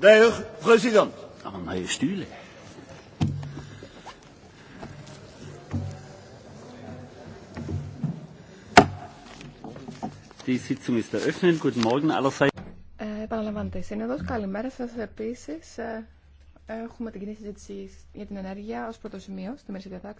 De heer president. Aan hij sturen. Die Sitzung ist eröffnet. Guten Morgen allerseits. Ε, επαναλαμβάνεται η Σύνοδο. Καλημέρα σα επίση. Ε, έχουμε την κοινή συζήτηση για την ενέργεια ω πρώτο σημείο στη μέση διατάξη.